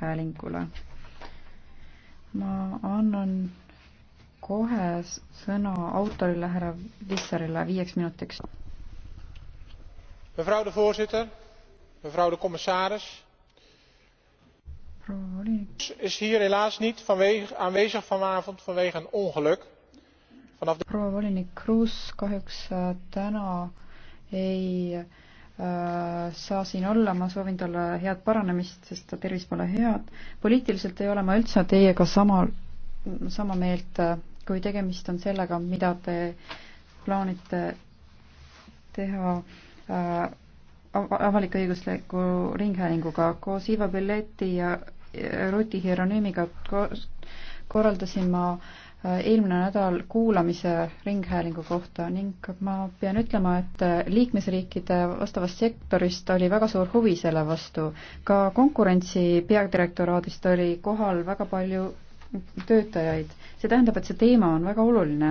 häälingule. ma annan kohe sõna autorile, härra Vissarile viieks minutiks. mevrouw de voorzitter, mevrouw de commissaris. is hier helaas niet vanwege, aanwezig vanavond vanwege een ongeluk. proua volinik Kruus kahjuks eh, täna ei Äh, saa siin olla, ma soovin talle head paranemist, sest ta tervis pole head. poliitiliselt ei ole ma üldse teiega sama, sama meelt, äh, kui tegemist on sellega, mida te plaanite teha äh, avalik-õigusliku ringhäälinguga koos Ivo Belletti ja Ruti Hieronüümiga korraldasin ma äh, Äh, eelmine nädal kuulamise Ringhäälingu kohta ning ma pean ütlema, et äh, liikmesriikide vastavast sektorist oli väga suur huvi selle vastu. ka konkurentsi peadirektoraadist oli kohal väga palju töötajaid. see tähendab, et see teema on väga oluline.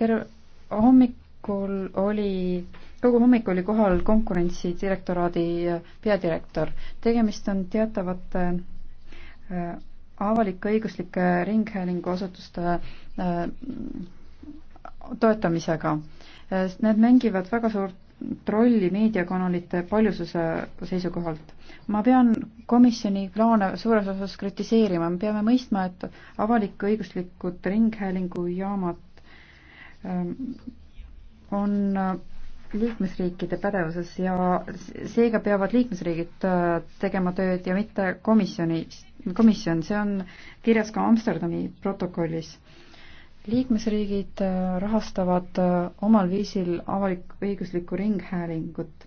terve hommikul oli kogu hommik oli kohal konkurentsi direktoraadi äh, peadirektor. tegemist on teatavate avalik-õiguslike ringhäälinguasutuste äh, toetamisega. Äh, need mängivad väga suurt rolli meediakanalite paljususe seisukohalt. ma pean komisjoni plaane suures osas kritiseerima, me peame mõistma, et avalik-õiguslikud ringhäälingujaamad ähm, on äh, liikmesriikide pädevuses ja seega peavad liikmesriigid tegema tööd ja mitte komisjonist komisjon, see on kirjas ka Amsterdami protokollis. liikmesriigid äh, rahastavad äh, omal viisil avalik-õiguslikku ringhäälingut.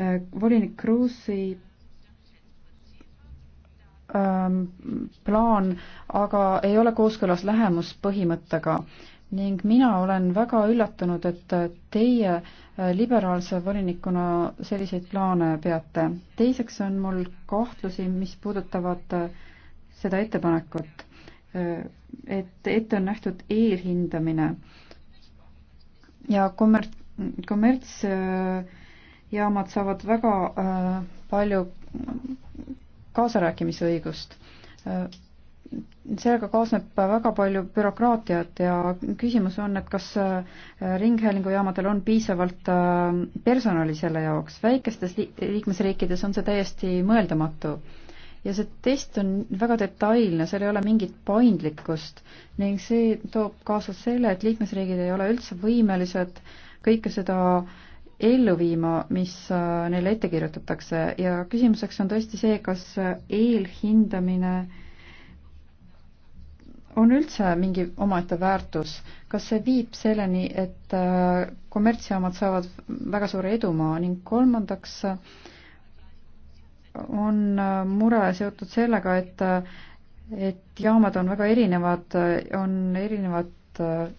Äh, volinik Kruusi ähm, plaan aga ei ole kooskõlas lähemuspõhimõttega ning mina olen väga üllatunud, et teie liberaalse volinikuna selliseid plaane peate. teiseks on mul kahtlusi, mis puudutavad äh, seda ettepanekut, et ette on nähtud eelhindamine ja kommerts, kommertsjaamad saavad väga palju kaasarääkimisõigust. sellega kaasneb väga palju bürokraatiat ja küsimus on, et kas ringhäälingujaamadel on piisavalt personali selle jaoks. väikestes liikmesriikides on see täiesti mõeldamatu ja see test on väga detailne, seal ei ole mingit paindlikkust ning see toob kaasa selle, et liikmesriigid ei ole üldse võimelised kõike seda ellu viima, mis äh, neile ette kirjutatakse ja küsimuseks on tõesti see, kas eelhindamine on üldse mingi omaette väärtus, kas see viib selleni, et äh, kommertsjaamad saavad väga suure edumaa ning kolmandaks äh, on äh, mure seotud sellega, et äh, et jaamad on väga erinevad, äh, on erinevad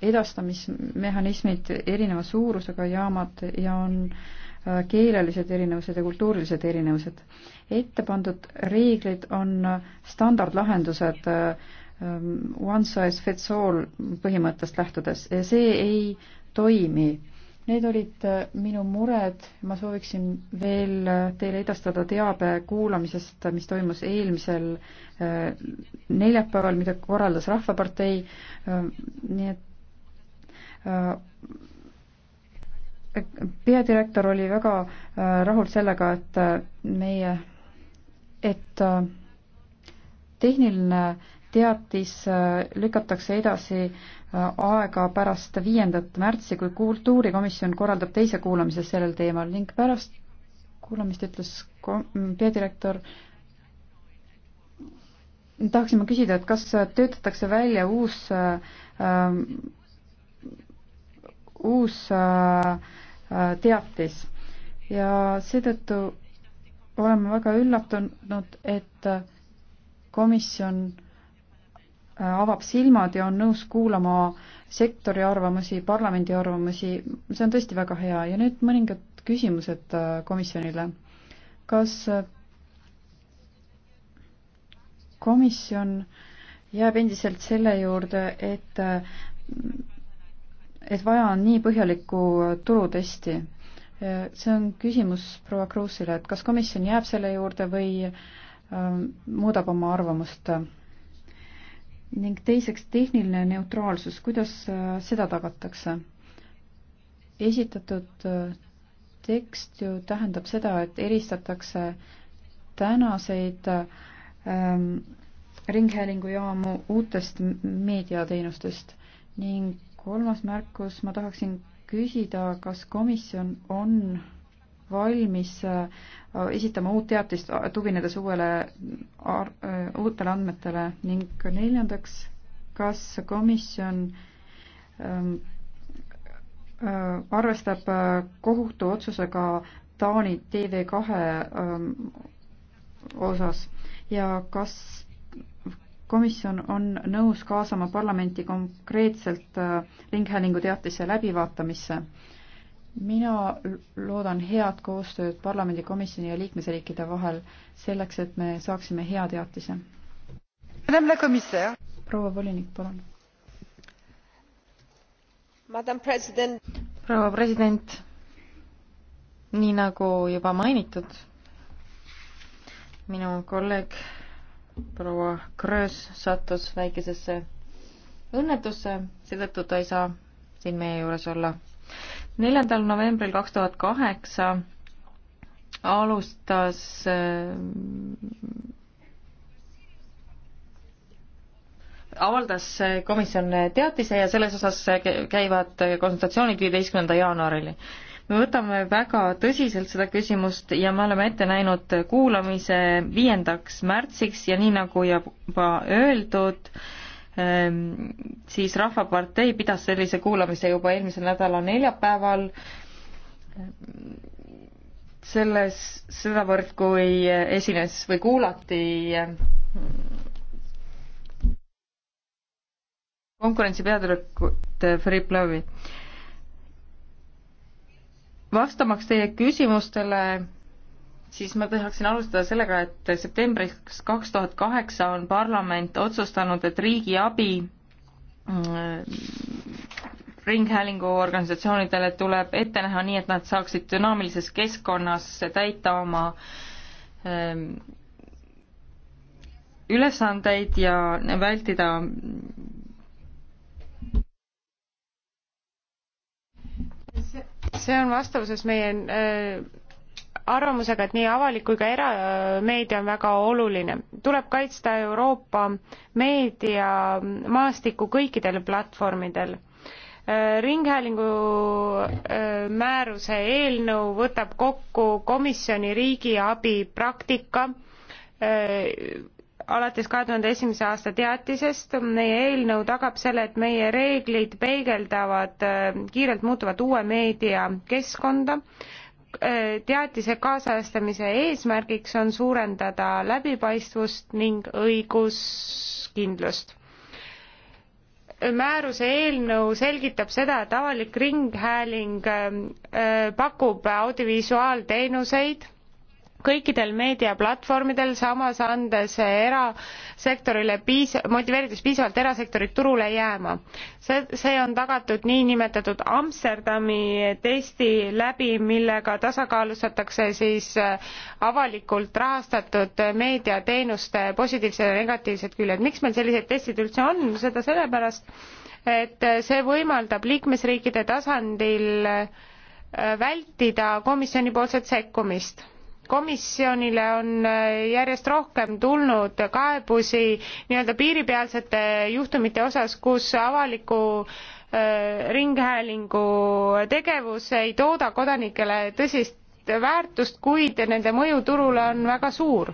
edastamismehhanismid, erineva suurusega jaamad ja on keelelised erinevused ja kultuurilised erinevused. ette pandud reeglid on standardlahendused ähm, one size fits all põhimõttest lähtudes ja see ei toimi Need olid äh, minu mured, ma sooviksin veel äh, teile edastada teabe kuulamisest, mis toimus eelmisel äh, neljapäeval, mida korraldas Rahvapartei, nii et peadirektor oli väga rahul sellega, et meie, et tehniline teatis äh, lükatakse edasi äh, aega pärast viiendat märtsi, kui kultuurikomisjon korraldab teise kuulamise sellel teemal ning pärast kuulamist ütles peadirektor tahaksin ma küsida, et kas töötatakse välja uus äh,, uus äh, teatis ja seetõttu olen ma väga üllatunud, et komisjon Äh, avab silmad ja on nõus kuulama sektori arvamusi, parlamendi arvamusi, see on tõesti väga hea ja nüüd mõningad küsimused äh, komisjonile. kas äh, komisjon jääb endiselt selle juurde, et et vaja on nii põhjalikku turutesti? see on küsimus proua Kruusile, et kas komisjon jääb selle juurde või muudab oma arvamust? ning teiseks tehniline neutraalsus, kuidas äh, seda tagatakse? esitatud äh, tekst ju tähendab seda, et eristatakse tänaseid ähm, ringhäälingujaamu uutest meediateenustest ning kolmas märkus, ma tahaksin küsida, kas komisjon on valmis äh, esitama uut teatist, äh, tuginedes uuele, äh, uutele andmetele ning neljandaks, kas komisjon ähm, arvestab kohtu otsusega Taani TV2 ähm, osas ja kas komisjon on nõus kaasama parlamenti konkreetselt ringhäälingu teatise läbivaatamisse mina loodan head koostööd parlamendikomisjoni ja liikmesriikide vahel selleks, et me saaksime hea teatise. proua volinik, palun. proua president, nii nagu juba mainitud, minu kolleeg proua Kröös sattus väikesesse õnnetusse, seetõttu ta ei saa siin meie juures olla neljandal novembril kaks tuhat kaheksa alustas äh, avaldas komisjon teatise ja selles osas käivad konsultatsioonid viieteistkümnenda jaanuarini. me võtame väga tõsiselt seda küsimust ja me oleme ette näinud kuulamise viiendaks märtsiks ja nii nagu juba öeldud, Ehm, siis Rahvapartei pidas sellise kuulamise juba eelmisel nädala neljapäeval ehm, selles, sedavõrd kui esines või kuulati ehm, konkurentsi peadirektorit eh, Philipp Lõvi. vastamaks teie küsimustele siis ma tahaksin alustada sellega, et septembriks kaks tuhat kaheksa on parlament otsustanud, et riigiabi mm, ringhäälingu organisatsioonidele tuleb ette näha nii, et nad saaksid dünaamilises keskkonnas täita oma ähm, ülesandeid ja vältida see on vastavuses meie äh, arvamusega, et nii avalik kui ka erameedia on väga oluline. tuleb kaitsta Euroopa meediamaastikku kõikidel platvormidel ringhäälingu äh, määruse eelnõu võtab kokku komisjoni riigiabi praktika äh, alates kahe tuhande esimese aasta teatisest. meie eelnõu tagab selle, et meie reeglid peegeldavad äh, kiirelt muutuvat uue meediakeskkonda teatise kaasajastamise eesmärgiks on suurendada läbipaistvust ning õiguskindlust. määruse eelnõu selgitab seda, et avalik ringhääling äh, äh, pakub audiovisuaalteenuseid kõikidel meediaplatvormidel samas andes erasektorile piis- motiveerides piisavalt erasektorit turule jääma see see on tagatud niinimetatud amsterdami testi läbi millega tasakaalustatakse siis äh, avalikult rahastatud meediateenuste positiivsed ja negatiivsed küljed miks meil sellised testid üldse on seda sellepärast et äh, see võimaldab liikmesriikide tasandil äh, vältida komisjoni poolset sekkumist komisjonile on äh, järjest rohkem tulnud kaebusi nii-öelda piiripealsete juhtumite osas, kus avaliku äh, ringhäälingu tegevus ei tooda kodanikele tõsist väärtust, kuid nende mõju turule on väga suur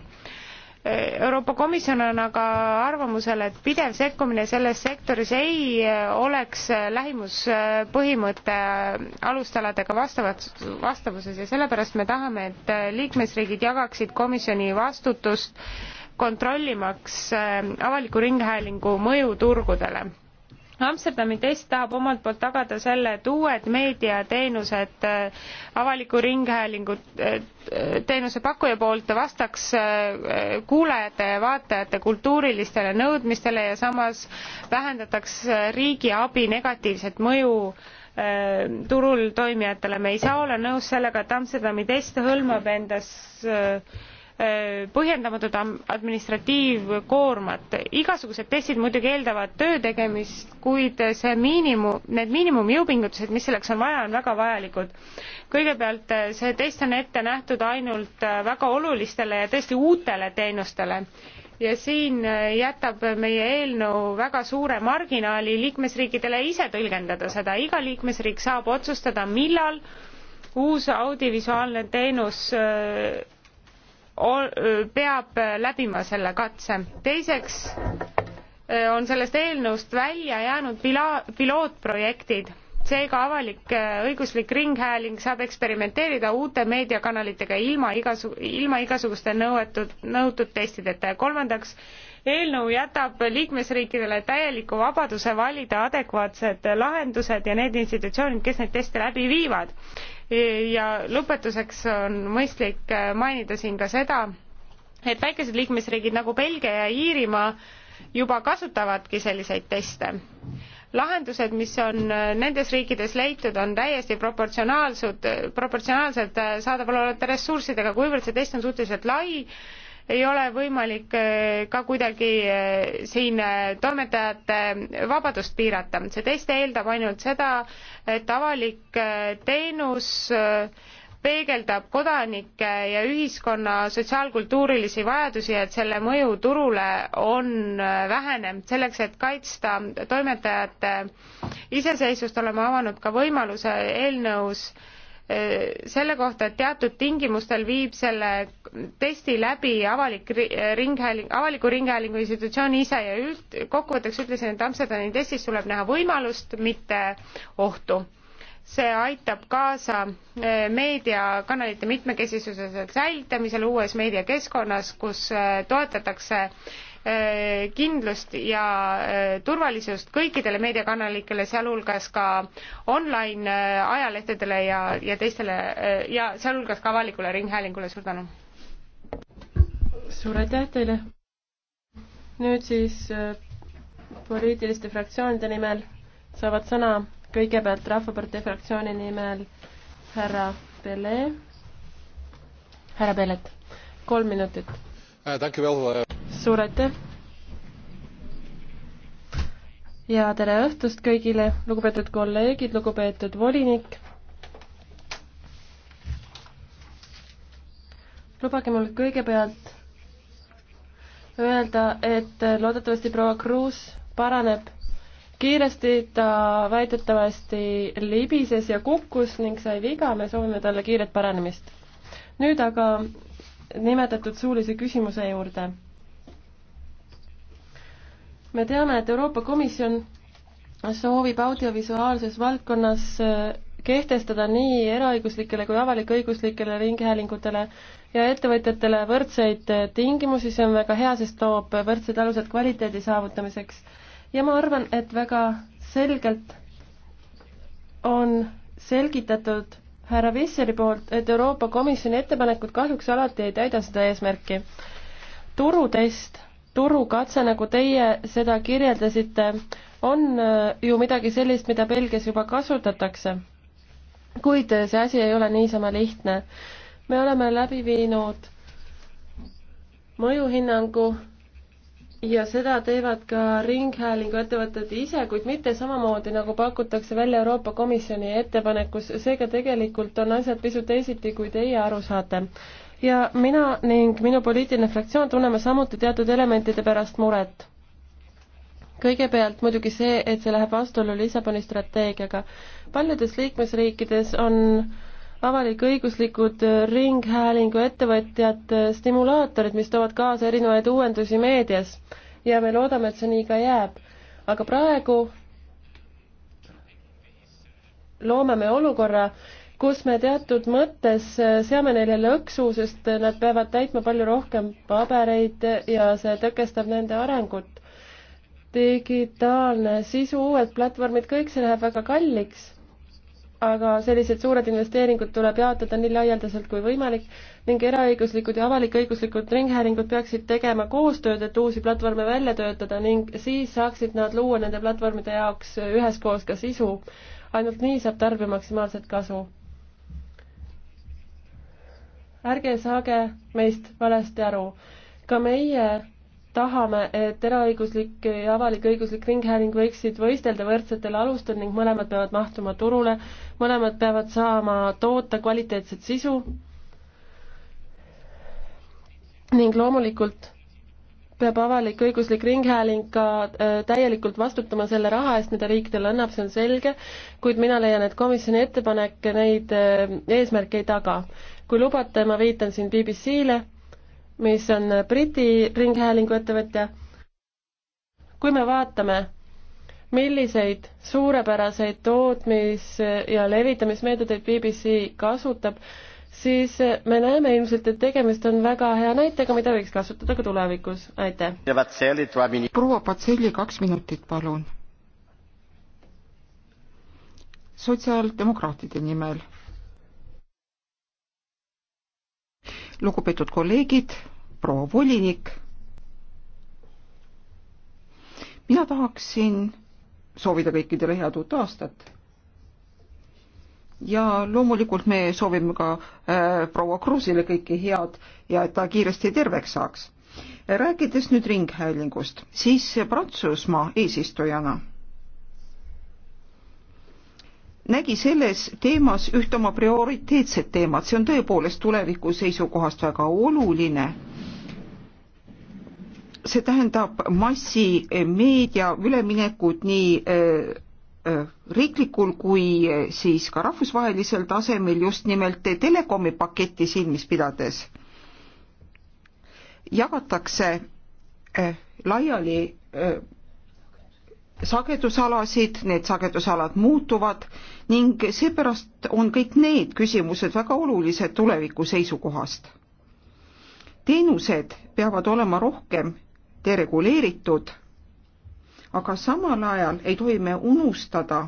Euroopa Komisjon on aga arvamusel, et pidev sekkumine selles sektoris ei eh, oleks eh, lähimuspõhimõtte alustaladega vastavat, vastavuses ja sellepärast me tahame, et eh, liikmesriigid jagaksid komisjoni vastutust kontrollimaks avaliku ringhäälingu mõju turgudele Amsterdami test tahab omalt poolt tagada selle, et uued meediateenused äh, avaliku ringhäälingu äh, teenusepakkuja poolt vastaks äh, kuulajate ja vaatajate kultuurilistele nõudmistele ja samas vähendataks riigi abi negatiivset mõju turul toimijatele. me ei saa olla nõus sellega, et Amsterdami test hõlmab endas põhjendamatut administratiivkoormat. igasugused testid muidugi eeldavad töö tegemist, kuid see miinimum, need miinimumjõupingutused, mis selleks on vaja, on väga vajalikud. kõigepealt see test on ette nähtud ainult väga olulistele ja tõesti uutele teenustele ja siin jätab meie eelnõu väga suure marginaali liikmesriikidele ise tõlgendada seda. iga liikmesriik saab otsustada, millal uus audiovisuaalne teenus peab läbima selle katse. teiseks äh, on sellest eelnõust välja jäänud pila-, pilootprojektid, seega avalik-õiguslik äh, ringhääling saab eksperimenteerida uute meediakanalitega ilma igasu-, ilma igasuguste nõuetud, nõutud testideta ja kolmandaks, eelnõu jätab liikmesriikidele täieliku vabaduse valida adekvaatsed lahendused ja need institutsioonid, kes neid teste läbi viivad ja lõpetuseks on mõistlik äh, mainida siin ka seda, et väikesed liikmesriigid nagu Belgia ja Iirimaa juba kasutavadki selliseid teste. lahendused, mis on äh, nendes riikides leitud, on täiesti proportsionaalsed, äh, proportsionaalselt saadaval olevate ressurssidega, kuivõrd see test on suhteliselt lai, ei ole võimalik eh, ka kuidagi eh, siin eh, toimetajate vabadust piirata. see test eeldab ainult seda, et avalik teenus peegeldab kodanike ja ühiskonna sotsiaalkultuurilisi vajadusi ja et selle mõju turule on vähenenud. selleks, et kaitsta toimetajate iseseisvust, oleme avanud ka võimaluse eelnõus äh, Äh, selle kohta, et teatud tingimustel viib selle testi läbi avalik ringhääling, avaliku ringhäälingu institutsioon ise ja üld, kokkuvõtteks ütlesin, et Amsterdami testis tuleb näha võimalust, mitte ohtu. see aitab kaasa äh, meediakanalite mitmekesisuse säilitamisele uues meediakeskkonnas, kus äh, toetatakse Äh, kindlust ja äh, turvalisust kõikidele meediakanalikele, sealhulgas ka online äh, ajalehtedele ja, ja teistele ja sealhulgas ka avalikule ringhäälingule, suur tänu! suur aitäh teile! nüüd siis poliitiliste fraktsioonide nimel saavad sõna kõigepealt Rahvapartei fraktsiooni nimel härra Pele, härra Pelet, kolm minutit suur aitäh! ja tere õhtust kõigile, lugupeetud kolleegid, lugupeetud volinik. lubage mul kõigepealt öelda, et loodetavasti proua Kruus paraneb kiiresti, ta väidetavasti libises ja kukkus ning sai viga, me soovime talle kiiret paranemist. nüüd aga nimetatud suulise küsimuse juurde me teame, et Euroopa Komisjon soovib audiovisuaalses valdkonnas äh, kehtestada nii eraõiguslikele kui avalik-õiguslikele ringhäälingutele ja ettevõtjatele võrdseid äh, tingimusi, see on väga hea, sest toob võrdsed alused kvaliteedi saavutamiseks. ja ma arvan, et väga selgelt on selgitatud härra Visseri poolt, et Euroopa Komisjoni ettepanekud kahjuks alati ei täida seda eesmärki. turutest turukatse, nagu teie seda kirjeldasite, on äh, ju midagi sellist, mida Belgias juba kasutatakse. kuid äh, see asi ei ole niisama lihtne. me oleme läbi viinud mõjuhinnangu ja seda teevad ka Ringhäälingu ettevõtted ise, kuid mitte samamoodi, nagu pakutakse välja Euroopa Komisjoni ettepanekus, seega tegelikult on asjad pisut teisiti, kui teie aru saate ja mina ning minu poliitiline fraktsioon tunneme samuti teatud elementide pärast muret. kõigepealt muidugi see, et see läheb vastuollu Lissaboni strateegiaga. paljudes liikmesriikides on avalik-õiguslikud ringhäälingu ettevõtjad stimulaatorid, mis toovad kaasa erinevaid uuendusi meedias ja me loodame, et see nii ka jääb. aga praegu loome me olukorra, kus me teatud mõttes äh, seame neile lõksu, sest nad peavad täitma palju rohkem pabereid ja see tõkestab nende arengut. digitaalne sisu, uued platvormid, kõik see läheb väga kalliks, aga sellised suured investeeringud tuleb jaotada nii laialdaselt kui võimalik ning eraõiguslikud ja avalik-õiguslikud ringhäälingud peaksid tegema koostööd, et uusi platvorme välja töötada ning siis saaksid nad luua nende platvormide jaoks üheskoos ka sisu. ainult nii saab tarbija maksimaalset kasu ärge saage meist valesti aru. ka meie tahame, et eraõiguslik ja avalik-õiguslik ringhääling võiksid võistelda võrdsetel alustel ning mõlemad peavad mahtuma turule, mõlemad peavad saama toota kvaliteetset sisu ning loomulikult peab avalik-õiguslik ringhääling ka äh, täielikult vastutama selle raha eest, mida riik talle annab, see on selge, kuid mina leian, et komisjoni ettepanek neid äh, eesmärke ei taga. kui lubate, ma viitan siin BBC-le, mis on Briti ringhäälingu ettevõtja. kui me vaatame, milliseid suurepäraseid tootmis- ja levitamismeetodeid BBC kasutab, siis eh, me näeme ilmselt, et tegemist on väga hea näitega, mida võiks kasutada ka tulevikus. aitäh. proua Patselli, kaks minutit, palun. sotsiaaldemokraatide nimel. lugupeetud kolleegid, proua volinik. mina tahaksin soovida kõikidele head uut aastat ja loomulikult me soovime ka äh, proua Kruusile kõike head ja et ta kiiresti terveks saaks. rääkides nüüd Ringhäälingust, siis Prantsusmaa eesistujana nägi selles teemas üht oma prioriteetset teemat, see on tõepoolest tuleviku seisukohast väga oluline. see tähendab massimeedia üleminekut nii äh, Äh, riiklikul kui äh, siis ka rahvusvahelisel tasemel just nimelt telekomi paketti silmis pidades jagatakse äh, laiali sagedusalasid, need sagedusalad muutuvad ning seepärast on kõik need küsimused väga olulised tuleviku seisukohast. teenused peavad olema rohkem dereguleeritud aga samal ajal ei tohi me unustada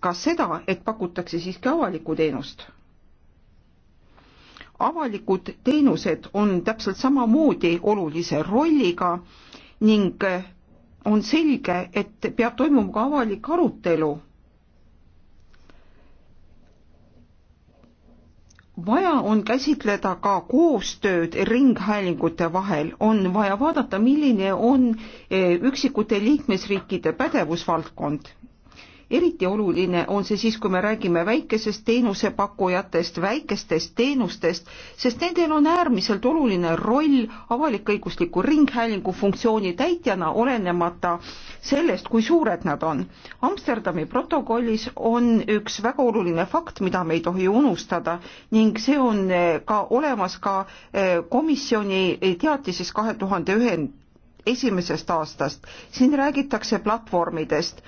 ka seda, et pakutakse siiski avalikku teenust. avalikud teenused on täpselt samamoodi olulise rolliga ning on selge, et peab toimuma ka avalik arutelu vaja on käsitleda ka koostööd ringhäälingute vahel, on vaja vaadata, milline on eh, üksikute liikmesriikide pädevusvaldkond eriti oluline on see siis, kui me räägime väikesest teenusepakkujatest, väikestest teenustest, sest nendel on äärmiselt oluline roll avalik-õigusliku ringhäälingu funktsiooni täitjana, olenemata sellest, kui suured nad on. Amsterdami protokollis on üks väga oluline fakt, mida me ei tohi unustada ning see on eh, ka olemas ka eh, komisjoni teatises kahe tuhande ühe esimesest aastast. siin räägitakse platvormidest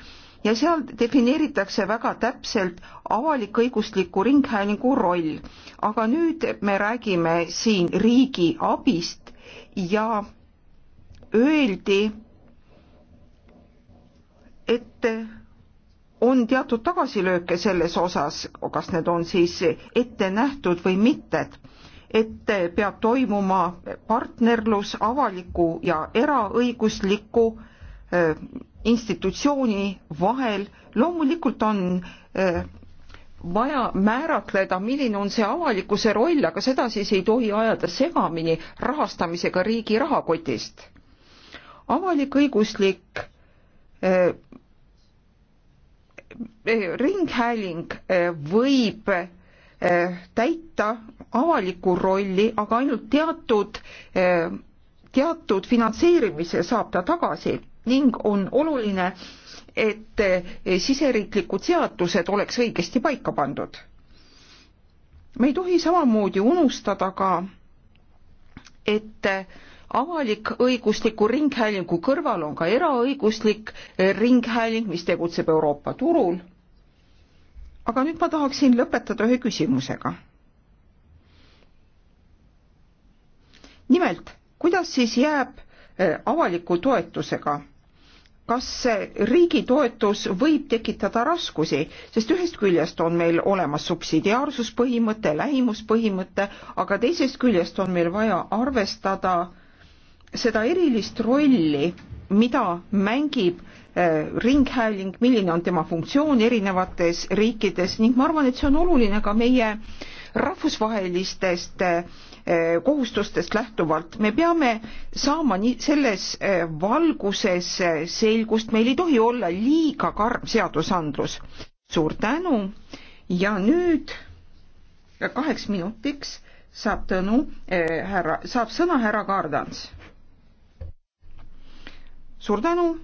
ja seal defineeritakse väga täpselt avalik-õigusliku ringhäälingu roll. aga nüüd me räägime siin riigi abist ja öeldi, et on teatud tagasilööke selles osas, kas need on siis ette nähtud või mitte, et peab toimuma partnerlus avaliku ja eraõigusliku Äh, institutsiooni vahel. loomulikult on äh, vaja määratleda, milline on see avalikkuse roll, aga seda siis ei tohi ajada segamini rahastamisega riigi rahakotist. avalik-õiguslik eh, ringhääling eh, võib eh, täita avalikku rolli, aga ainult teatud, teatud finantseerimise saab ta tagasi ning on oluline, et siseriiklikud seadused oleks õigesti paika pandud. me ei tohi samamoodi unustada ka, et avalik-õigusliku ringhäälingu kõrval on ka eraõiguslik ringhääling, mis tegutseb Euroopa turul. aga nüüd ma tahaksin lõpetada ühe küsimusega. nimelt, kuidas siis jääb avaliku toetusega kas riigi toetus võib tekitada raskusi, sest ühest küljest on meil olemas subsidiaarsuspõhimõte, lähimuspõhimõte, aga teisest küljest on meil vaja arvestada seda erilist rolli, mida mängib eh, ringhääling, milline on tema funktsioon erinevates riikides ning ma arvan, et see on oluline ka meie rahvusvahelistest äh, Eh, kohustustest lähtuvalt. me peame saama nii selles eh, valguses eh, selgust, meil ei tohi olla liiga karm seadusandlus. suur tänu ja nüüd kaheks minutiks saab Tõnu äh, härra, saab sõna härra Kaardants. suur tänu.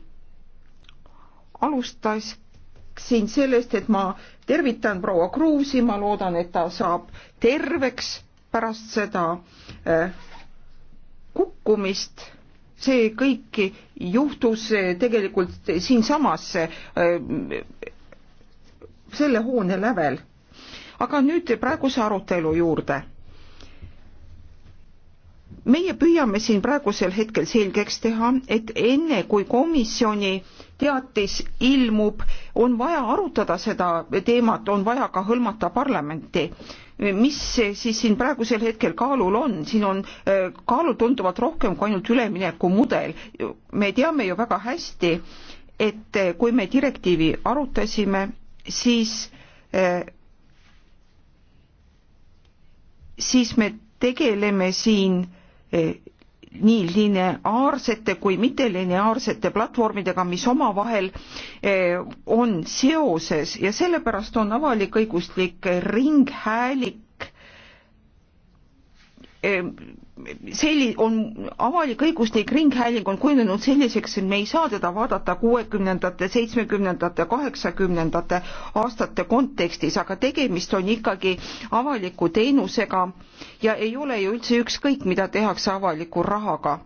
alustasin sellest, et ma tervitan proua Kruusi, ma loodan, et ta saab terveks pärast seda äh, kukkumist see kõik juhtus äh, tegelikult siinsamas äh, selle hoone lävel. aga nüüd praeguse arutelu juurde. meie püüame siin praegusel hetkel selgeks teha, et enne kui komisjoni teatis ilmub, on vaja arutada seda teemat, on vaja ka hõlmata parlamenti mis siis siin praegusel hetkel kaalul on, siin on äh, kaalul tunduvalt rohkem kui ainult üleminekumudel. me teame ju väga hästi, et äh, kui me direktiivi arutasime, siis, äh, siis me tegeleme siin nii lineaarsete kui mittelineaarsete platvormidega, mis omavahel eh, on seoses ja sellepärast on avalik-õiguslik ringhääling Ehm, selli-, on avalik-õiguslik ringhääling on kujunenud selliseks, et me ei saa teda vaadata kuuekümnendate, seitsmekümnendate, kaheksakümnendate aastate kontekstis, aga tegemist on ikkagi avaliku teenusega ja ei ole ju üldse ükskõik, mida tehakse avaliku rahaga.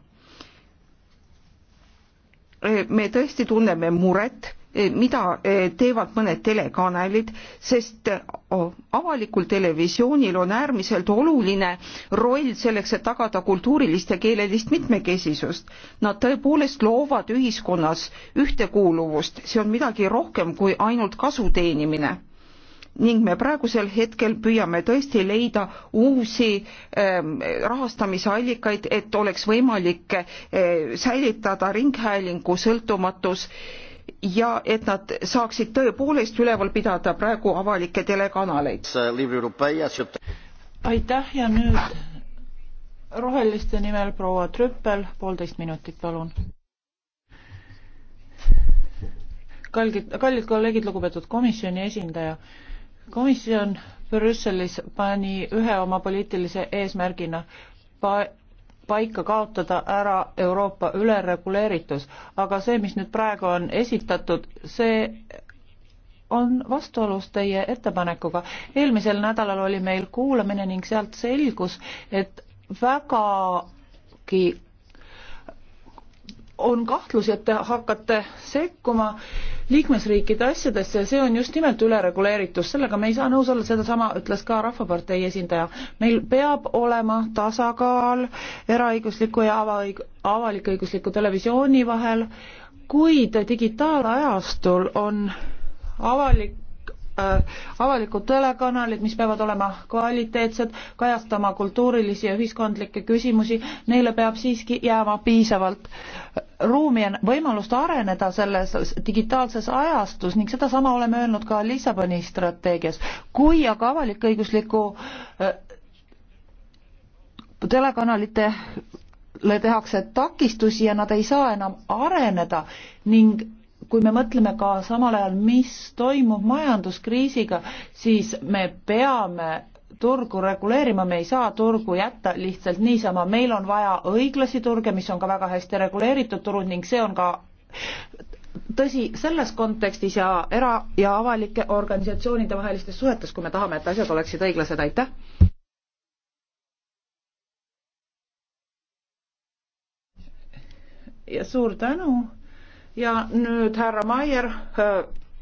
Ehm, me tõesti tunneme muret Eh, mida eh, teevad mõned telekanalid, sest eh, avalikul televisioonil on äärmiselt oluline roll selleks, et tagada kultuurilist ja keelelist mitmekesisust. Nad tõepoolest loovad ühiskonnas ühtekuuluvust, see on midagi rohkem kui ainult kasu teenimine ning me praegusel hetkel püüame tõesti leida uusi ähm, rahastamisallikaid, et oleks võimalik äh, säilitada ringhäälingu sõltumatus äh, ja et nad saaksid tõepoolest üleval pidada praegu avalikke telekanaleid. aitäh ja nüüd roheliste nimel proua Trüppel, poolteist minutit, palun. kallid, kallid kolleegid, lugupeetud komisjoni esindaja. komisjon Brüsselis pani ühe oma poliitilise eesmärgina pa paika kaotada ära Euroopa ülereguleeritus, aga see, mis nüüd praegu on esitatud, see on vastuolus teie ettepanekuga. eelmisel nädalal oli meil kuulamine ning sealt selgus, et vägagi on kahtlusi, et te hakkate sekkuma liikmesriikide asjadesse ja see on just nimelt ülereguleeritus, sellega me ei saa nõus olla, sedasama ütles ka Rahvapartei esindaja. meil peab olema tasakaal eraõigusliku ja avaõig-, avalik-õigusliku televisiooni vahel, kuid digitaalajastul on avalik äh, avalikud telekanalid, mis peavad olema kvaliteetsed, kajastama kultuurilisi ja ühiskondlikke küsimusi, neile peab siiski jääma piisavalt äh, ruumi ja võimalust areneda selles digitaalses ajastus ning sedasama oleme öelnud ka Lissaboni strateegias. kui aga avalik-õigusliku äh, telekanalitele tehakse takistusi ja nad ei saa enam areneda ning kui me mõtleme ka samal ajal, mis toimub majanduskriisiga, siis me peame turgu reguleerima, me ei saa turgu jätta lihtsalt niisama, meil on vaja õiglasi turge, mis on ka väga hästi reguleeritud turud ning see on ka tõsi selles kontekstis ja era- ja avalike organisatsioonide vahelistes suhetes, kui me tahame, et asjad oleksid õiglased, aitäh! ja suur tänu ja nüüd härra Maier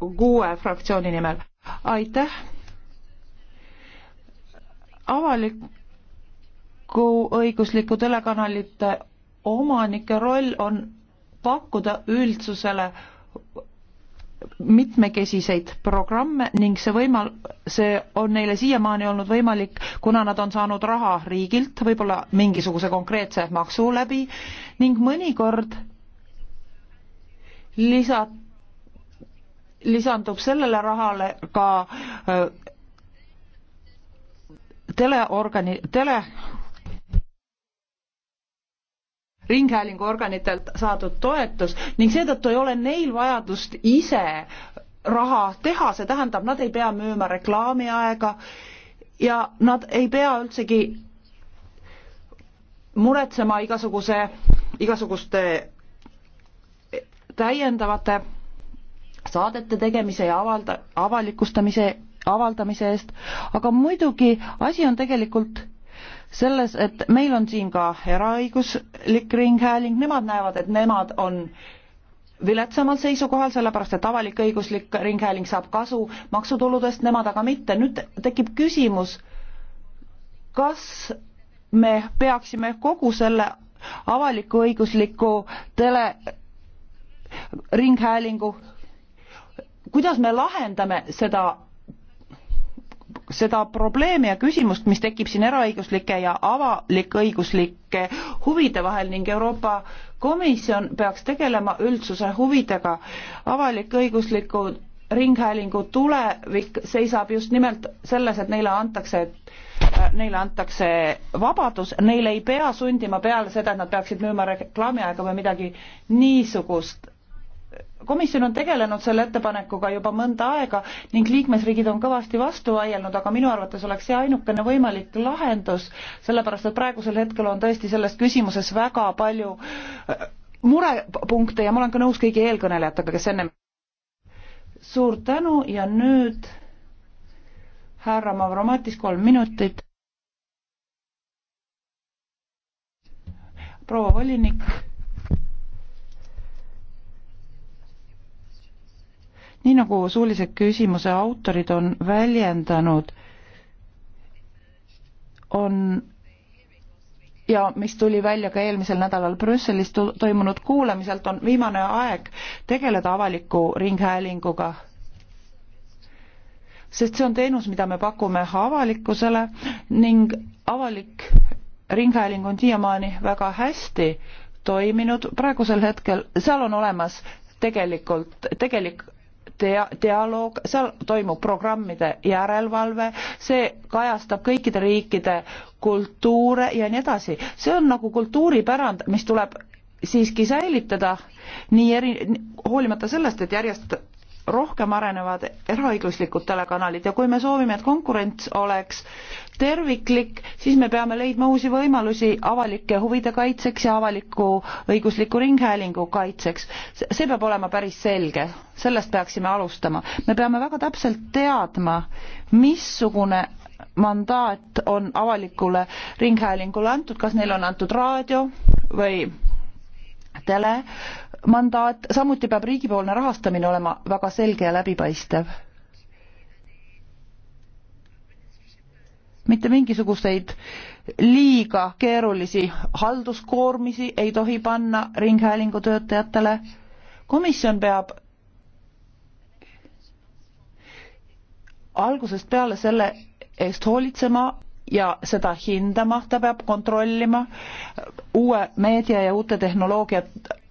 kuue äh, fraktsiooni nimel, aitäh! avaliku-õigusliku telekanalite omanike roll on pakkuda üldsusele mitmekesiseid programme ning see võimal-, see on neile siiamaani olnud võimalik, kuna nad on saanud raha riigilt, võib-olla mingisuguse konkreetse maksu läbi ning mõnikord lisa, lisandub sellele rahale ka äh, teleorgani, tele ringhäälingu organitelt saadud toetus ning seetõttu ei ole neil vajadust ise raha teha, see tähendab, nad ei pea müüma reklaamiaega ja nad ei pea üldsegi muretsema igasuguse, igasuguste täiendavate saadete tegemise ja avalda, avalikustamise avaldamise eest, aga muidugi asi on tegelikult selles, et meil on siin ka eraõiguslik ringhääling, nemad näevad, et nemad on viletsamal seisukohal, sellepärast et avalik-õiguslik ringhääling saab kasu maksutuludest, nemad aga mitte. nüüd tekib küsimus, kas me peaksime kogu selle avalik-õigusliku tele ringhäälingu kuidas me lahendame seda seda probleemi ja küsimust, mis tekib siin eraõiguslike ja avalik-õiguslike huvide vahel ning Euroopa Komisjon peaks tegelema üldsuse huvidega. avalik-õigusliku ringhäälingu tulevik seisab just nimelt selles, et neile antakse neile antakse vabadus, neile ei pea sundima peale seda, et nad peaksid müüma reklaamiaega või midagi niisugust komisjon on tegelenud selle ettepanekuga juba mõnda aega ning liikmesriigid on kõvasti vastu vaielnud, aga minu arvates oleks see ainukene võimalik lahendus, sellepärast et praegusel hetkel on tõesti selles küsimuses väga palju äh, murepunkte ja ma olen ka nõus kõigi eelkõnelejatega, kes ennem suur tänu ja nüüd härra Mavromatis kolm minutit. proua volinik nii nagu suulise küsimuse autorid on väljendanud, on ja mis tuli välja ka eelmisel nädalal Brüsselis toimunud kuulamiselt, on viimane aeg tegeleda avaliku ringhäälinguga. sest see on teenus, mida me pakume avalikkusele ning avalik ringhääling on siiamaani väga hästi toiminud, praegusel hetkel seal on olemas tegelikult, tegelik dia-, dialoog, seal toimub programmide järelevalve, see kajastab kõikide riikide kultuure ja nii edasi. see on nagu kultuuripärand, mis tuleb siiski säilitada nii eri, hoolimata sellest, et järjest rohkem arenevad eraõiguslikud telekanalid ja kui me soovime, et konkurents oleks terviklik, siis me peame leidma uusi võimalusi avalike huvide kaitseks ja avaliku õigusliku ringhäälingu kaitseks. see peab olema päris selge, sellest peaksime alustama. me peame väga täpselt teadma, missugune mandaat on avalikule ringhäälingule antud, kas neile on antud raadio või telemandaat, samuti peab riigipoolne rahastamine olema väga selge ja läbipaistev mitte mingisuguseid liiga keerulisi halduskoormisi ei tohi panna ringhäälingu töötajatele. komisjon peab algusest peale selle eest hoolitsema ja seda hindama, ta peab kontrollima uue meedia ja uute tehnoloogiat,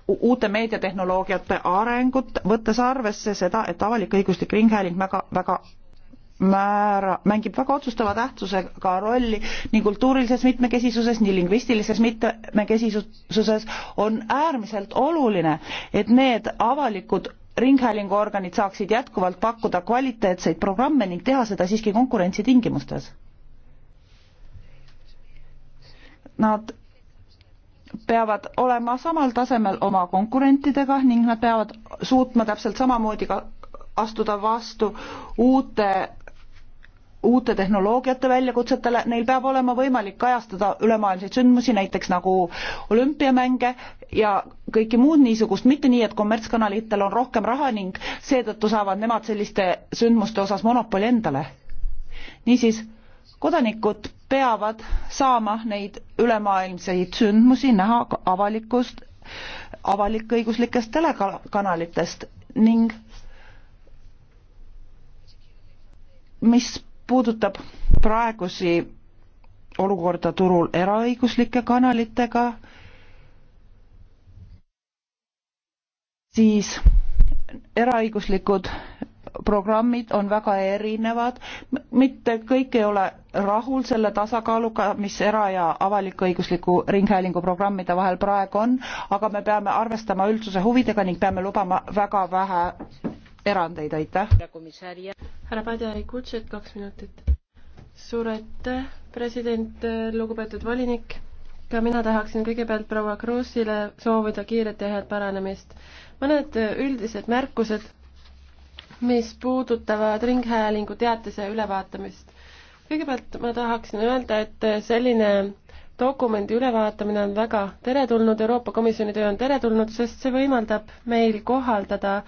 uute meediatehnoloogiate arengut, võttes arvesse seda, et avalik-õiguslik ringhääling väga, väga määra, mängib väga otsustava tähtsusega rolli nii kultuurilises mitmekesisuses, nii lingvistilises mitmekesisuses, on äärmiselt oluline, et need avalikud ringhäälinguorganid saaksid jätkuvalt pakkuda kvaliteetseid programme ning teha seda siiski konkurentsitingimustes. Nad peavad olema samal tasemel oma konkurentidega ning nad peavad suutma täpselt samamoodi ka astuda vastu uute uute tehnoloogiate väljakutsetele, neil peab olema võimalik kajastada ülemaailmseid sündmusi, näiteks nagu olümpiamänge ja kõike muud niisugust, mitte nii, et kommertskanalitel on rohkem raha ning seetõttu saavad nemad selliste sündmuste osas monopoli endale. niisiis, kodanikud peavad saama neid ülemaailmseid sündmusi näha avalikust, avalik-õiguslikest telekanalitest ning mis puudutab praegusi olukorda turul eraõiguslike kanalitega, siis eraõiguslikud programmid on väga erinevad, mitte kõik ei ole rahul selle tasakaaluga, mis era- ja avalik-õigusliku ringhäälingu programmide vahel praegu on, aga me peame arvestama üldsuse huvidega ning peame lubama väga vähe erandeid, aitäh. härra Padjari Kutšet, kaks minutit. suur aitäh, president, lugupeetud volinik. ka mina tahaksin kõigepealt proua Kruusile soovida kiiret ja head paranemist. mõned üldised märkused, mis puudutavad Ringhäälingu teatise ülevaatamist. kõigepealt ma tahaksin öelda, et selline dokumendi ülevaatamine on väga teretulnud, Euroopa Komisjoni töö on teretulnud, sest see võimaldab meil kohaldada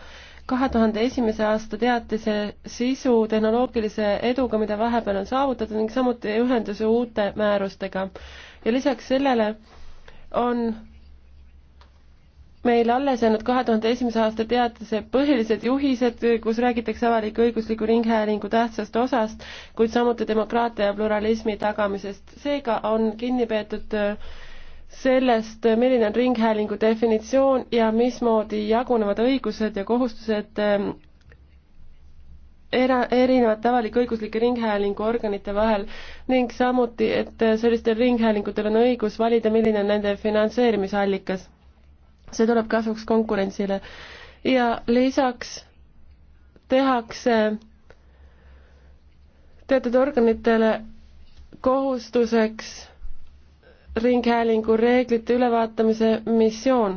kahe tuhande esimese aasta teatise sisu tehnoloogilise eduga, mida vahepeal on saavutatud ning samuti ühenduse uute määrustega. ja lisaks sellele on meil alles jäänud kahe tuhande esimese aasta teatise põhilised juhised, kus räägitakse avalik-õigusliku ringhäälingu tähtsast osast, kuid samuti demokraatia ja pluralismi tagamisest. seega on kinni peetud sellest, milline on ringhäälingu definitsioon ja mismoodi jagunevad õigused ja kohustused eh, era-, erinevate avalik-õiguslike ringhäälinguorganite vahel ning samuti, et sellistel ringhäälingutel on õigus valida, milline on nende finantseerimisallikas. see tuleb kasuks konkurentsile. ja lisaks tehakse teatud organitele kohustuseks ringhäälingu reeglite ülevaatamise missioon.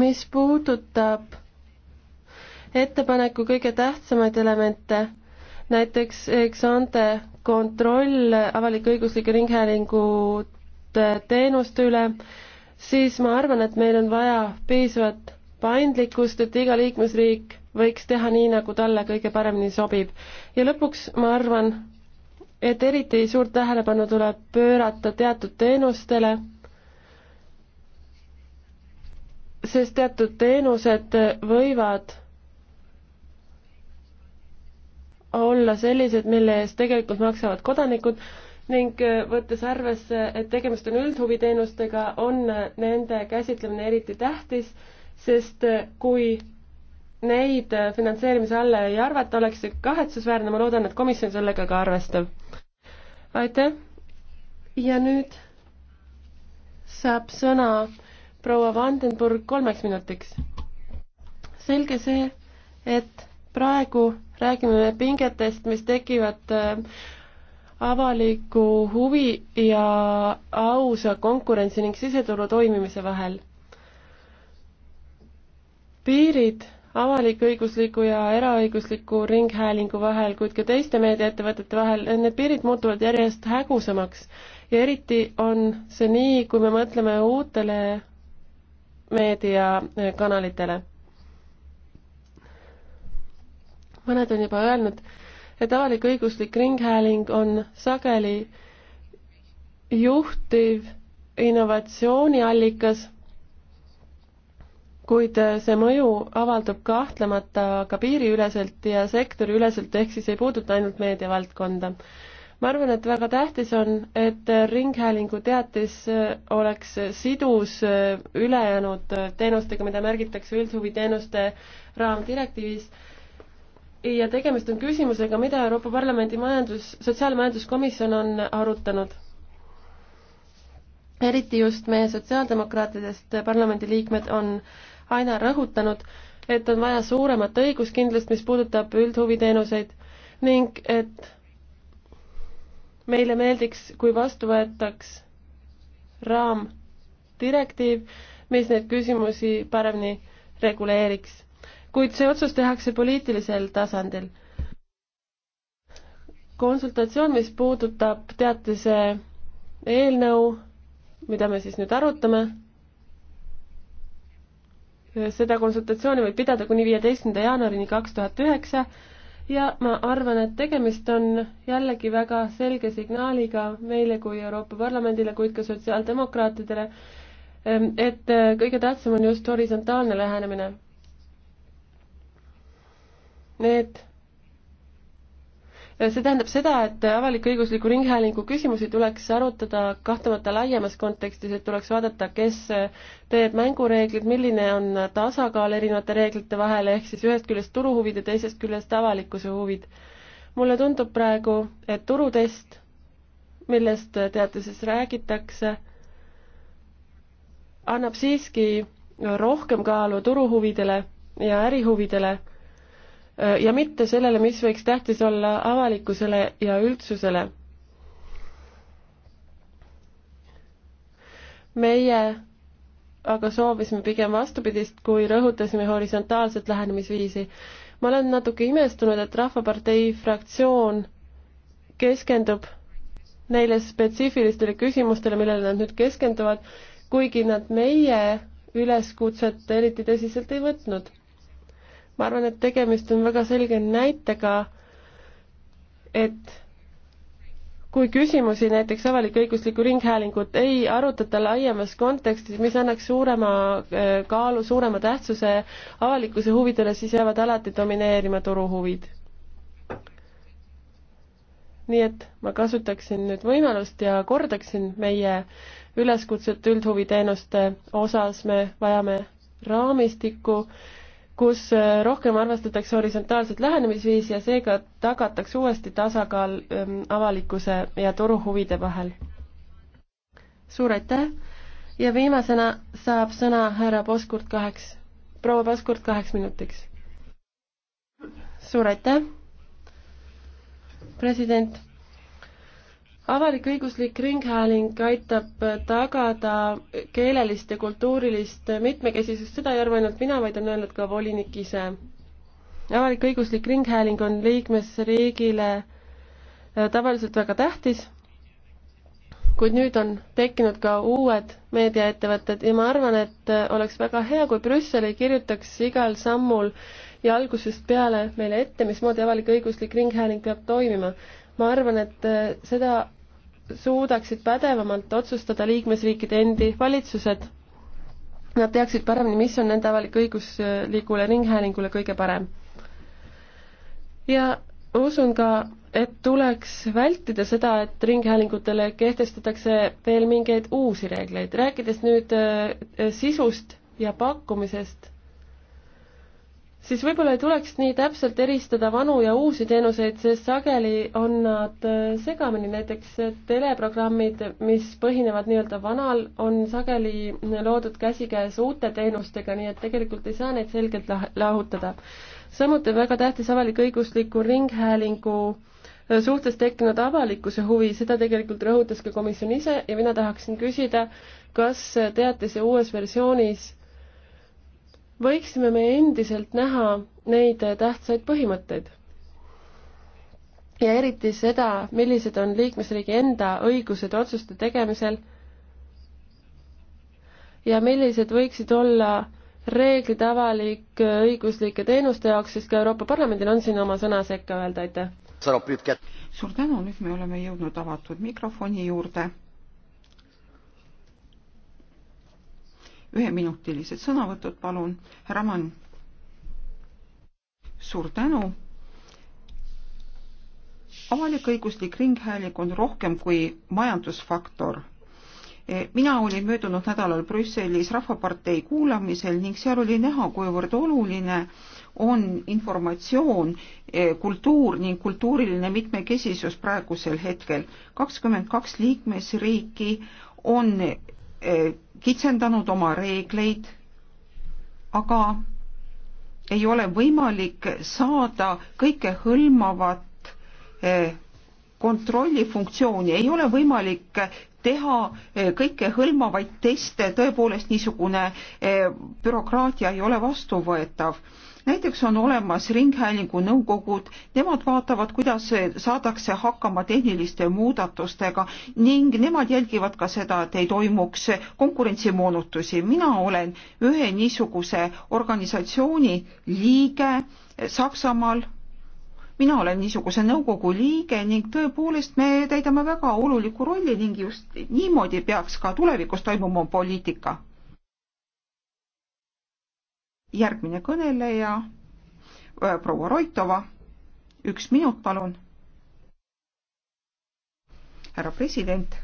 mis puudutab ettepaneku kõige tähtsamaid elemente, näiteks eksante kontroll avalik-õiguslike ringhäälingute teenuste üle, siis ma arvan, et meil on vaja piisavat paindlikkust, et iga liikmesriik võiks teha nii, nagu talle kõige paremini sobib. ja lõpuks ma arvan, et eriti suurt tähelepanu tuleb pöörata teatud teenustele, sest teatud teenused võivad olla sellised, mille eest tegelikult maksavad kodanikud ning võttes arvesse, et tegemist on üldhuviteenustega, on nende käsitlemine eriti tähtis, sest kui neid finantseerimise alla ei arvata, oleks see kahetsusväärne, ma loodan, et komisjon sellega ka arvestab aitäh ja nüüd saab sõna proua Vandenburg kolmeks minutiks. selge see, et praegu räägime me pingetest, mis tekivad äh, avaliku huvi ja ausa konkurentsi ning siseturu toimimise vahel. piirid avalik-õigusliku ja eraõigusliku ringhäälingu vahel, kuid ka teiste meediaettevõtete vahel, need piirid muutuvad järjest hägusamaks. ja eriti on see nii, kui me mõtleme uutele meediakanalitele. mõned on juba öelnud, et avalik-õiguslik ringhääling on sageli juhtiv innovatsiooniallikas kuid äh, see mõju avaldub kahtlemata ka piiriüleselt ja sektoriüleselt, ehk siis ei puuduta ainult meediavaldkonda. ma arvan, et väga tähtis on, et Ringhäälingu teatis äh, oleks sidus äh, ülejäänud teenustega, mida märgitakse üldhuviteenuste raamdirektiivis ja tegemist on küsimusega, mida Euroopa Parlamendi majandus, sotsiaalmajanduskomisjon on arutanud eriti just meie sotsiaaldemokraatidest parlamendiliikmed on aina rõhutanud, et on vaja suuremat õiguskindlust, mis puudutab üldhuviteenuseid ning et meile meeldiks, kui vastu võetaks raamdirektiiv, mis neid küsimusi paremini reguleeriks. kuid see otsus tehakse poliitilisel tasandil. konsultatsioon, mis puudutab teatise eelnõu, mida me siis nüüd arutame, seda konsultatsiooni võib pidada kuni viieteistkümnenda jaanuarini kaks tuhat üheksa ja ma arvan, et tegemist on jällegi väga selge signaaliga meile kui Euroopa Parlamendile, kuid ka sotsiaaldemokraatidele, ehm, et äh, kõige tähtsam on just horisontaalne lähenemine. Need see tähendab seda, et avalik-õigusliku ringhäälingu küsimusi tuleks arutada kahtlemata laiemas kontekstis, et tuleks vaadata, kes teeb mängureeglid, milline on tasakaal erinevate reeglite vahel, ehk siis ühest küljest turu huvid ja teisest küljest avalikkuse huvid. mulle tundub praegu, et turutest, millest teatises räägitakse, annab siiski rohkem kaalu turuhuvidele ja ärihuvidele Äh, ja mitte sellele, mis võiks tähtis olla avalikkusele ja üldsusele. meie aga soovisime pigem vastupidist, kui rõhutasime horisontaalset lähenemisviisi. ma olen natuke imestunud, et Rahvapartei fraktsioon keskendub neile spetsiifilistele küsimustele, millele nad nüüd keskenduvad, kuigi nad meie üleskutset eriti tõsiselt ei võtnud ma arvan, et tegemist on väga selge näitega, et kui küsimusi näiteks avalik-õiguslikku ringhäälingut ei arutata laiemas kontekstis, mis annaks suurema äh, kaalu, suurema tähtsuse avalikkuse huvidele, siis jäävad alati domineerima turuhuvid. nii et ma kasutaksin nüüd võimalust ja kordaksin meie üleskutset üldhuviteenuste osas, me vajame raamistikku, kus äh, rohkem arvestatakse horisontaalset lähenemisviisi ja seega tagatakse uuesti tasakaal ähm, avalikkuse ja turu huvide vahel. suur aitäh ja viimasena saab sõna härra Poskurt kaheks, proua Poskurt kaheks minutiks. suur aitäh, president avalik-õiguslik ringhääling aitab tagada keelelist ja kultuurilist mitmekesisust, seda ei arva ainult mina, vaid on öelnud ka volinik ise. avalik-õiguslik ringhääling on liikmesriigile äh, tavaliselt väga tähtis, kuid nüüd on tekkinud ka uued meediaettevõtted ja ma arvan, et äh, oleks väga hea, kui Brüssel ei kirjutaks igal sammul ja algusest peale meile ette, mismoodi avalik-õiguslik ringhääling peab toimima ma arvan, et äh, seda suudaksid pädevamalt otsustada liikmesriikide endi valitsused. Nad teaksid paremini, mis on nende avalik-õiguslikule ringhäälingule kõige parem. ja usun ka, et tuleks vältida seda, et ringhäälingutele kehtestatakse veel mingeid uusi reegleid. rääkides nüüd äh, sisust ja pakkumisest siis võib-olla ei tuleks nii täpselt eristada vanu ja uusi teenuseid, sest sageli on nad äh, segamini, näiteks äh, teleprogrammid, mis põhinevad nii-öelda vanal, on sageli äh, loodud käsikäes uute teenustega, nii et tegelikult ei saa neid selgelt lah lahutada. samuti on väga tähtis avalik-õigusliku ringhäälingu suhtes tekkinud avalikkuse huvi, seda tegelikult rõhutas ka komisjon ise ja mina tahaksin küsida, kas teatise uues versioonis võiksime me endiselt näha neid tähtsaid põhimõtteid. ja eriti seda, millised on liikmesriigi enda õigused otsuste tegemisel ja millised võiksid olla reeglid avalik-õiguslike teenuste jaoks, sest ka Euroopa Parlamendil on siin oma sõna sekka öelda, aitäh! suur tänu, nüüd me oleme jõudnud avatud mikrofoni juurde üheminutilised sõnavõtud, palun, härra Mann. suur tänu. avalik-õiguslik ringhääling on rohkem kui majandusfaktor e, mina olin möödunud nädalal Brüsselis Rahvapartei kuulamisel ning seal oli näha, kuivõrd oluline on informatsioon, e, kultuur ning kultuuriline mitmekesisus praegusel hetkel. kakskümmend kaks liikmesriiki on Eh, kitsendanud oma reegleid, aga ei ole võimalik saada kõikehõlmavat eh, kontrollifunktsiooni, ei ole võimalik teha eh, kõikehõlmavaid teste, tõepoolest niisugune bürokraatia ei ole vastuvõetav näiteks on olemas Ringhäälingu nõukogud, nemad vaatavad, kuidas saadakse hakkama tehniliste muudatustega ning nemad jälgivad ka seda, et ei toimuks konkurentsimoonutusi. mina olen ühe niisuguse organisatsiooni liige Saksamaal mina olen niisuguse nõukogu liige ning tõepoolest me täidame väga oluliku rolli ning just niimoodi peaks ka tulevikus toimuma poliitika järgmine kõneleja, äh, proua Roitova, üks minut, palun. härra president,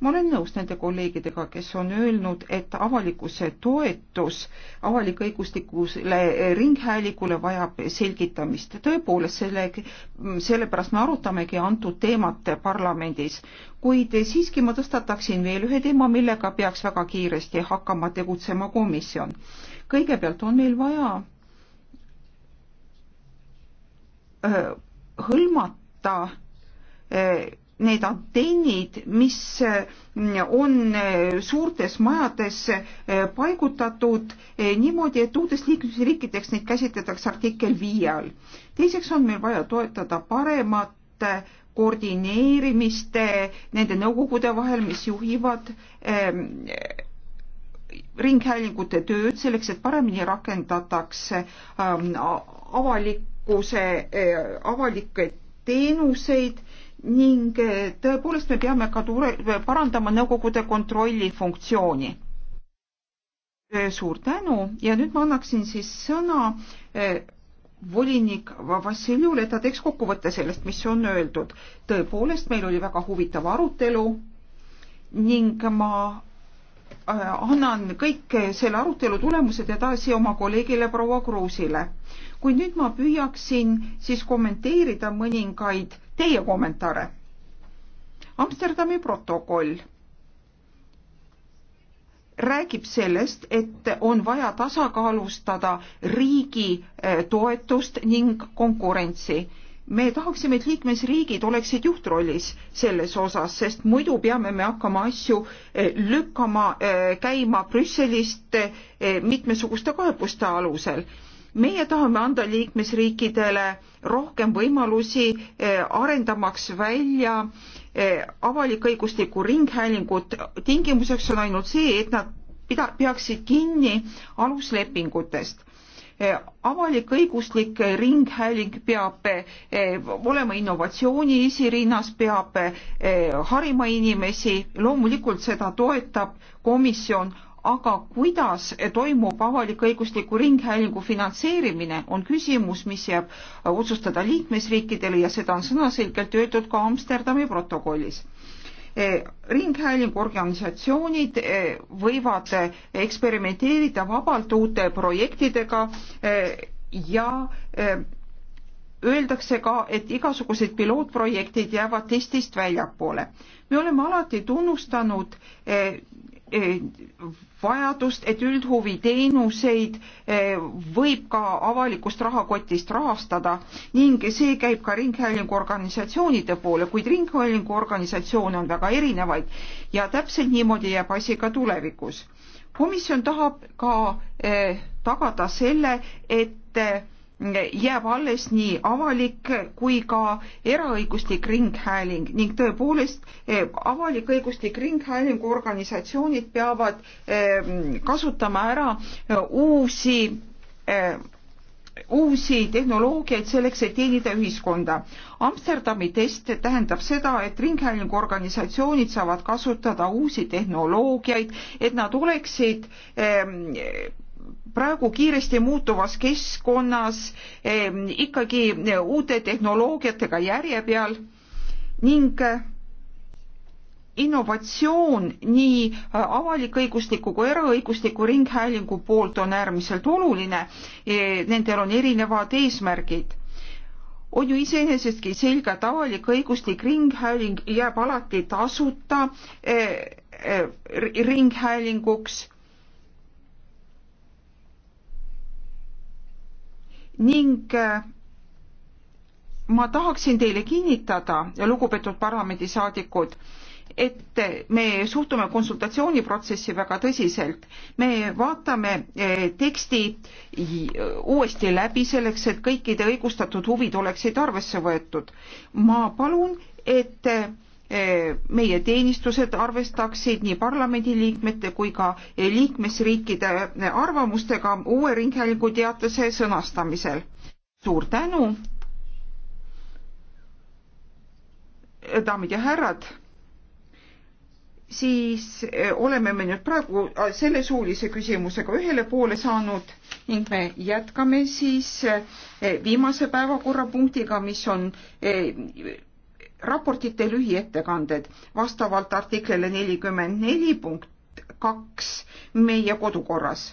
ma olen nõus nende kolleegidega, kes on öelnud, et avalikkuse toetus avalik-õiguslikule ringhäälikule vajab selgitamist. tõepoolest, selle, sellepärast me arutamegi antud teemat parlamendis kuid siiski ma tõstataksin veel ühe teema, millega peaks väga kiiresti hakkama tegutsema komisjon kõigepealt on meil vaja äh, hõlmata äh, need antennid, mis äh, on suurtes majades paigutatud niimoodi, et uutes liikmesriikideks neid käsitletakse artikkel viie all. teiseks on meil vaja toetada paremat koordineerimist nende nõukogude vahel, mis juhivad ähm, ringhäälingute tööd selleks, et paremini rakendatakse ähm, avalikkuse, äh, avalikke teenuseid ning äh, tõepoolest me peame ka tuure, parandama nõukogude kontrolli funktsiooni. Äh, suur tänu ja nüüd ma annaksin siis sõna volinik Vassiljule, et ta teeks kokkuvõtte sellest, mis on öeldud. tõepoolest, meil oli väga huvitav arutelu ning ma Äh, annan kõik selle arutelu tulemused edasi oma kolleegile proua Kruusile. kui nüüd ma püüaksin siis kommenteerida mõningaid teie kommentaare. Amsterdami protokoll räägib sellest, et on vaja tasakaalustada riigi äh, toetust ning konkurentsi me tahaksime, et liikmesriigid oleksid juhtrollis selles osas, sest muidu peame me hakkama asju eh, lükkama eh, käima Brüsselist eh, mitmesuguste kaebuste alusel. meie tahame anda liikmesriikidele rohkem võimalusi arendamaks välja avalik-õiguslikku ringhäälingut. tingimuseks on ainult see, et nad pida-, peaksid kinni aluslepingutest Eh, avalik-õiguslik ringhääling peab eh, olema innovatsiooni esirinnas, peab eh, harima inimesi, loomulikult seda toetab komisjon, aga kuidas toimub avalik-õigusliku ringhäälingu finantseerimine, on küsimus, mis jääb otsustada liikmesriikidele ja seda on sõnaselgelt öeldud ka Amsterdami protokollis Eh, ringhäälingu organisatsioonid eh, võivad eh, eksperimenteerida vabalt uute projektidega ja öeldakse ka, et igasugused pilootprojektid jäävad testist väljapoole. me oleme alati tunnustanud Eh, vajadust, et üldhuviteenuseid eh, võib ka avalikust rahakotist rahastada ning see käib ka ringhäälingu organisatsioonide poole, kuid ringhäälingu organisatsioone on väga erinevaid ja täpselt niimoodi jääb asi ka tulevikus. komisjon tahab ka eh, tagada selle, et jääb alles nii avalik kui ka eraõiguslik ringhääling ning tõepoolest eh, avalik-õiguslik ringhäälingu organisatsioonid peavad eh, kasutama ära eh, uusi uusi tehnoloogiaid selleks, et teenida ühiskonda. Amsterdami test tähendab seda, et ringhäälingu organisatsioonid saavad kasutada uusi tehnoloogiaid, et nad oleksid ähm, praegu kiiresti muutuvas keskkonnas ehm, ikkagi eh, uute tehnoloogiatega järje peal ning eh, innovatsioon nii eh, avalik-õigusliku kui eraõigusliku ringhäälingu poolt on äärmiselt oluline. Nendel on erinevad eesmärgid on ju iseenesestki selge, et avalik-õiguslik ringhääling jääb alati tasuta eh, eh, ringhäälinguks ning äh, ma tahaksin teile kinnitada, lugupeetud parlamendisaadikud, et me suhtume konsultatsiooniprotsessi väga tõsiselt. me vaatame äh, teksti äh, uuesti läbi selleks, et kõikide õigustatud huvid oleksid arvesse võetud. ma palun, et Eh, meie teenistused arvestaksid nii parlamendiliikmete kui ka eh, liikmesriikide eh, arvamustega uue ringhäälingu teatise sõnastamisel. suur tänu. daamid ja härrad, siis oleme me nüüd praegu selle suulise küsimusega ühele poole saanud ning me jätkame siis viimase päevakorrapunktiga, mis on raportite lühiettekanded vastavalt artiklile nelikümmend neli punkt kaks meie kodukorras